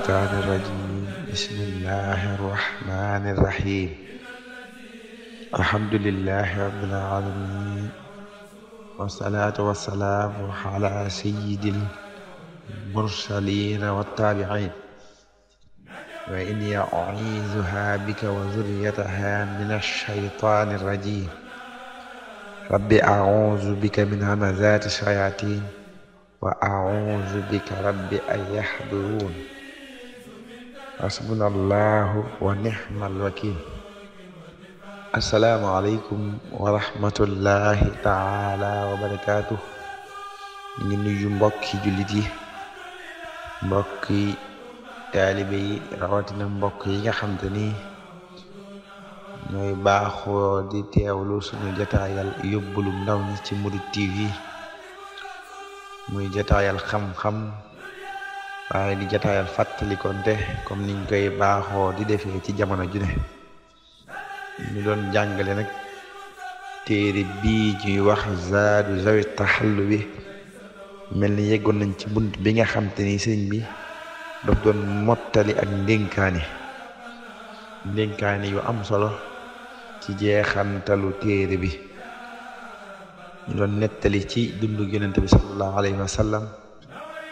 الشيطان الرجيم بسم الله الرحمن الرحيم الحمد لله رب العالمين والصلاة والسلام على سيد المرسلين والتابعين وإني أعيذها بك وذريتها من الشيطان الرجيم رب أعوذ بك من همزات الشياطين وأعوذ بك رب أن يحضرون hasbunallahu wa ni'mal wakil assalaamu aleykum wa rahmatullahi taala wa barakaatu ngi nuyu mbokki jullit mbokki taalibe yi rawatina mbokk yi nga xam te ni ñooy baaxoo di teewlu suñu jataayal ndaw ñi ci Mouride TV muy jataayal xam-xam waaye di jataayal fàttalikonte comme niñ koy baaxoo di defee ci jamono ju ne ñu doon jàngale nag téere bi ñuy wax zaadu zawi taxallu bi mel ni yeggoon nañ ci bunt bi nga xam ni sëñ bi daf doon mottali ak ndénkaani ndénkaani yu am solo ci jeexantalu téere bi ñu doon nettali ci dundu yonent bi sallallahu alayhi wa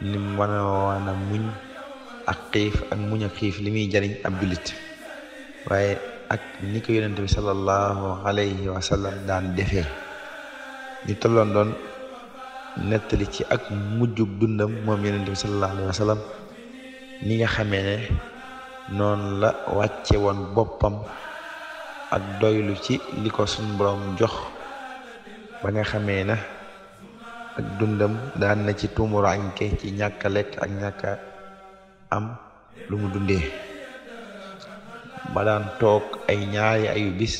nim wana wana muñ ak xiif ak muñ ak xiif li muy jariñ ab jullit waaye ak ni ko yonent bi sallallahu alayhi wa daan defee ñu tolloon doon nettali ci ak mujjug dundam moom yonent bi sallallahu alayhi wa ni nga xamee ne noonu la wàcce woon boppam ak doylu ci li ko suñ jox ba nga xamee na ak dundam daan na ci tumuranke ci ñàkk lekk ak ñàkk am lu mu dundee ma daan toog ay ñaari ayu bis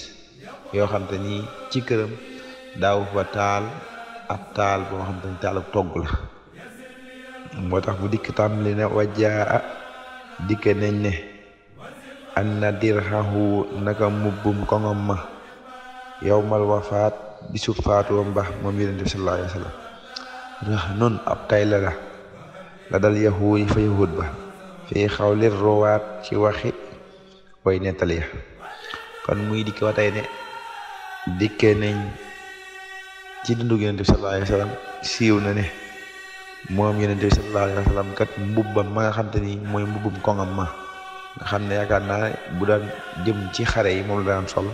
yoo xam te ni ci këram daaw fa taal ab taal boo xam te taal ab togg la moo tax bu dikk tàmbali ne wajaa a dikk nañ ne an na dirhahu naka mubbum kongom ma yowmal wafaat bisu faatu ba mbaax moom yonent bi sallallahu alayhi rëhnun ab tayla la la dal yahuud fa yahuud ba fii xawli ruwaat ci waxi way nettali ya kon muy dikk ba tey ne dikkee nañ ci dundu yonente bi sallallahu alayhi wa sallam siiw na ne moom yonente bi sallallahu alayhi kat mbubbam ma nga xam te ni mooy mbubbum koŋam ma nga xam ne yaakaar naa bu daan jëm ci xare yi moom la daan sol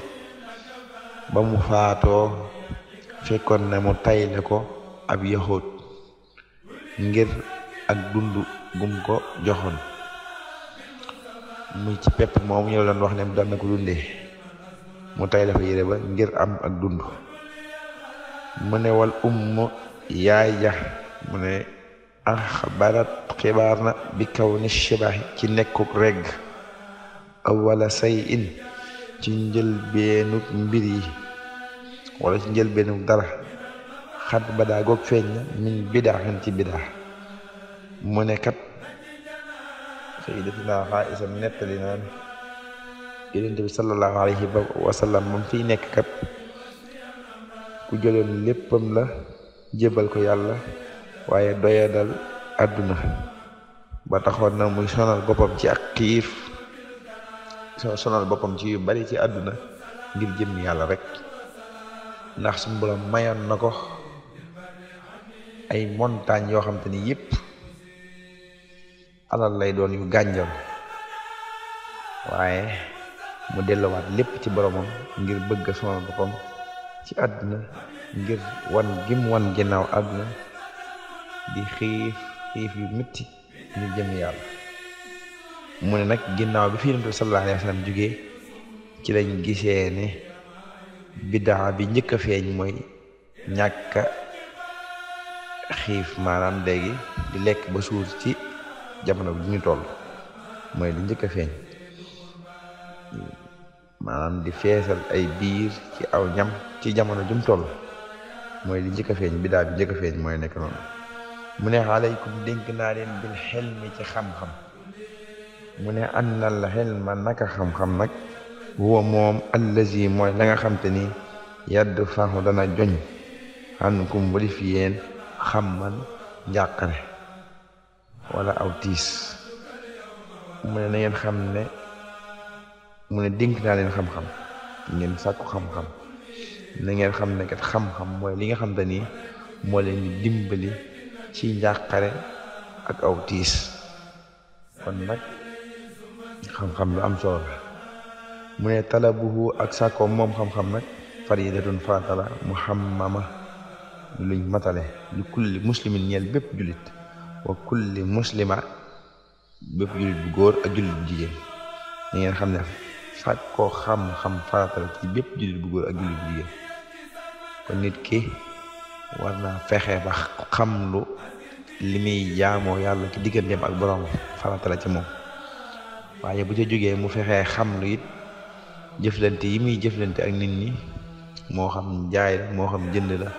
ba mu faatoo fekkoon na mu tayle ko ab yahuud ngir ak dund gum ko joxoon mu ci pepp moom ñu doon wax ne daan na ko dundee mu tay dafa yére ba ngir am ak dund mu ne wal umm yaay ja mu ne axbarat xibaar na bi kaw ni ci nekkuk regg awala say in ci njëlbeenuk mbir wala ci njëlbeenuk dara xat badaa goog feeñ na min bidaaxin ci bidaax mu ne kat sayyidatina Aïsa nettali naan yonent bi nekk kat ku jëloon léppam la jébal ko yàlla waaye doyadal àdduna ba taxoon na muy sonal boppam ci ak xiif sonal boppam ci yu bari ci àdduna ngir jëm yàlla rek ndax suñu borom mayoon na ko ay montagne yoo xam te ni yëpp alal lay doon yu gànjoon waaye mu dellowaat lépp ci boromam ngir bëgg sonal boppam ci àdduna ngir wan gim wan ginnaaw àdduna di xiif xiif yu métti ñu jëm yàlla mu ne nag ginnaaw bi fi yonent bi sallallahu alayhi wa sallam ci lañ gisee ne biddaa bi njëkk a feeñ mooy ñàkka xiif maanaam léegi di lekk ba suur ci jamono bi ñu toll mooy li njëkk a feeñ maanaam di feesal ay biir ci aw ñam ci jamono jum toll mooy li njëkk a feeñ bi daal bi a feeñ mooy nekk noonu mu ne alaykum dénk naa leen bil xelmi ci xam-xam mu ne annal xelma naka xam-xam nag huwa moom allazi mooy la nga xam ni yadd faxu dana joñ xankum walif yéen xam xamman njàqare wala aw tiis mu ne na ngeen xam ne mu ne dink naa leen xam-xam ngeen sàkku xam na ngeen xam ne kat xam-xam mooy li nga xam te nii moo leen di dimbali ci njàqare ak aw tiis kon nag xam-xam lu am solo mu ne talabuhu ak sàkkoom moom xam-xam nag mu xam muhammama luñ matale li kulli muslimin ñeel bépp jullit wa kulli muslima bépp jullit bu góor ak jullit bu jigéen da ngeen xam ne faat koo xam-xam farata ci bépp jullit bu góor ak jullit bu jigéen kon nit ki war naa fexe ba xam lu li muy jaamoo yàlla ci digganteem ak borom farata la ci moom waaye bu ca jógee mu fexee xam lu it jëflante yi muy jëflante ak nit ñi moo xam jaay la moo xam jënd la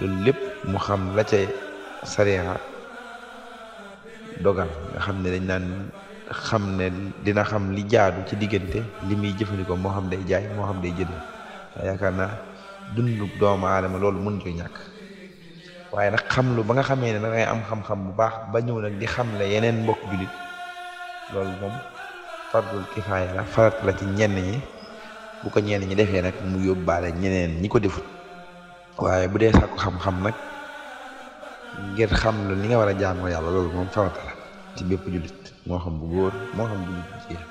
loolu lépp mu xam la ca sariya dogal nga xam ne dañ naan xam ne dina xam li jaadu ci diggante li muy jëfandikoo moo xam day jaay moo xam day jënd yaakaar naa dundu doomu aadama loolu mën ko ñàkk waaye nag xam lu ba nga xamee ne da ngay am xam-xam bu baax ba ñëw nag di xam le yeneen mbokk jullit loolu moom fardul kifaaya la farat la ci ñenn ñi bu ko ñenn ñi defee nag mu yóbbaale ñeneen ñi ko defut waaye bu dee sàkku xam-xam nag ngir xam lu li nga war a jaamoo yàlla loolu moom farata la ci bépp jullit moo xam bu góor moo xam bu jigéen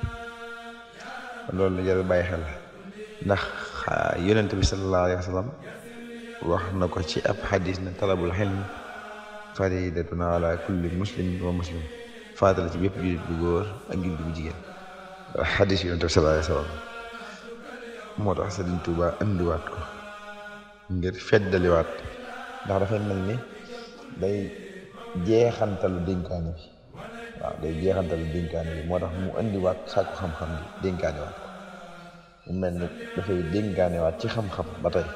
loolu la jar bàyyi xel ndax yonent bi sallallahu alayhi wa sallam wax na ko ci ab xadis na talabul xilm faridatun ala kulli muslim wa muslim farata la ci bépp jullit bu góor ak jullit bu jigéen xadis yonent bi sallallahu alayhi wa sallam moo tax Sëriñ Tuuba indiwaat ko ngir feddaliwaat ndax dafay mel ni day jeexantalu dénkaane bi waaw day jeexantalu dénkaane bi moo tax mu indiwaat sàkku xam-xam bi dénkaanewaat ko mu ci xam-xam ba tey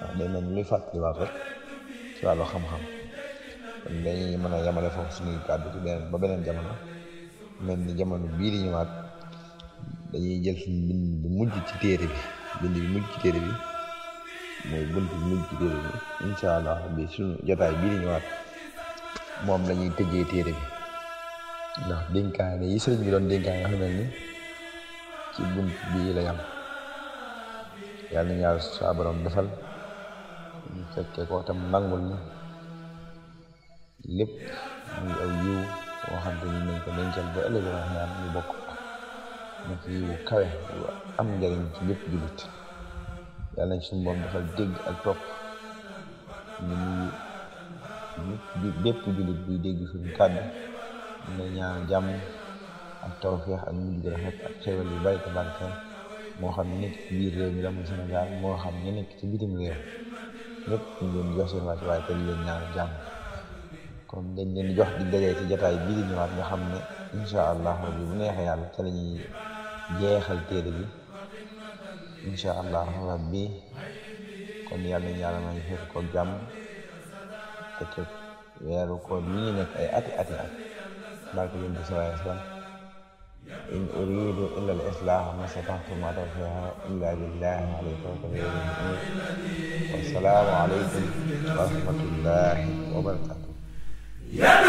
ndax day mel ni luy fàttaliwaat rek ci wàllu xam-xam dañuy mën a yamale foofu suñuy kàddu ci beneen ba beneen jamono mel ni jamono bii di ñëwaat dañuy jël suñu bind bu mujj ci téere bi bind bi mujj ci téere bi mooy buntu mujj ko incha allah bi sunu jotaay bii di moom la ñuy tëjee téere bi ndax yi sëriñ bi doon dénkaane xam mel ni ci bunt bii la yam yàlla na yàlla saa borom defal ñu fekkee tam nangul ni lépp mu ngi aw yiw woo te ni nañ ko dencal ba ëllëg wax ñaan ñu bokk nekk kawe am njariñ ci lépp yàlla nañ suñu borom defal dégg ak topp ñu nuyu bépp dégg suñu kàddu ñu jàmm ak tawfeex ak mujj rafet ak yu bari te moo xam ne nekk ci biir réew mi la xam ne nekk ci bitim réew ñëpp ñu leen di jox seen wàcc waaye te leen ñaan jàmm kon dañ leen di jox di dajee ci jataay bii di nga xam ne incha allah rabbi bu neexee yàlla ca la ñuy jeexal téere bi incha allah rabbi kon yàlla ñu yàlla may xëf ko jàmm te teg weeru koor nii nekk ay ati ati at barke yén bi sallallahu alayhi wa sallam in uridu illa al islah ma sata'tu ma tawfiqa illa billahi alayhi tawakkaltu wa salaamu alaykum wa rahmatullahi wa barakatuh